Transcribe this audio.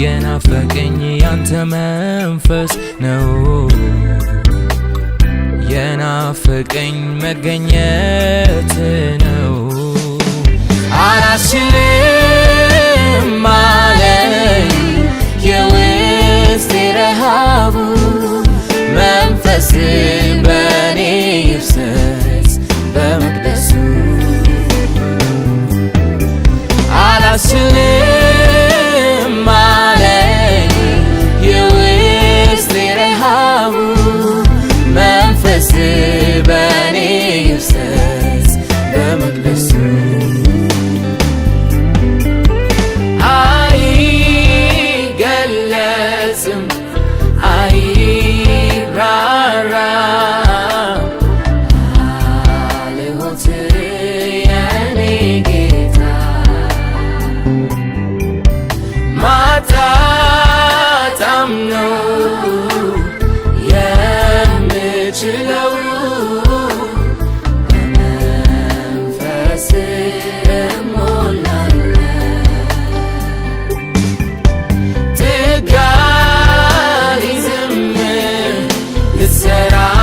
የናፈቀኝ ያንተ መንፈስ ነው የናፈቀኝ መገኘት see. tornerà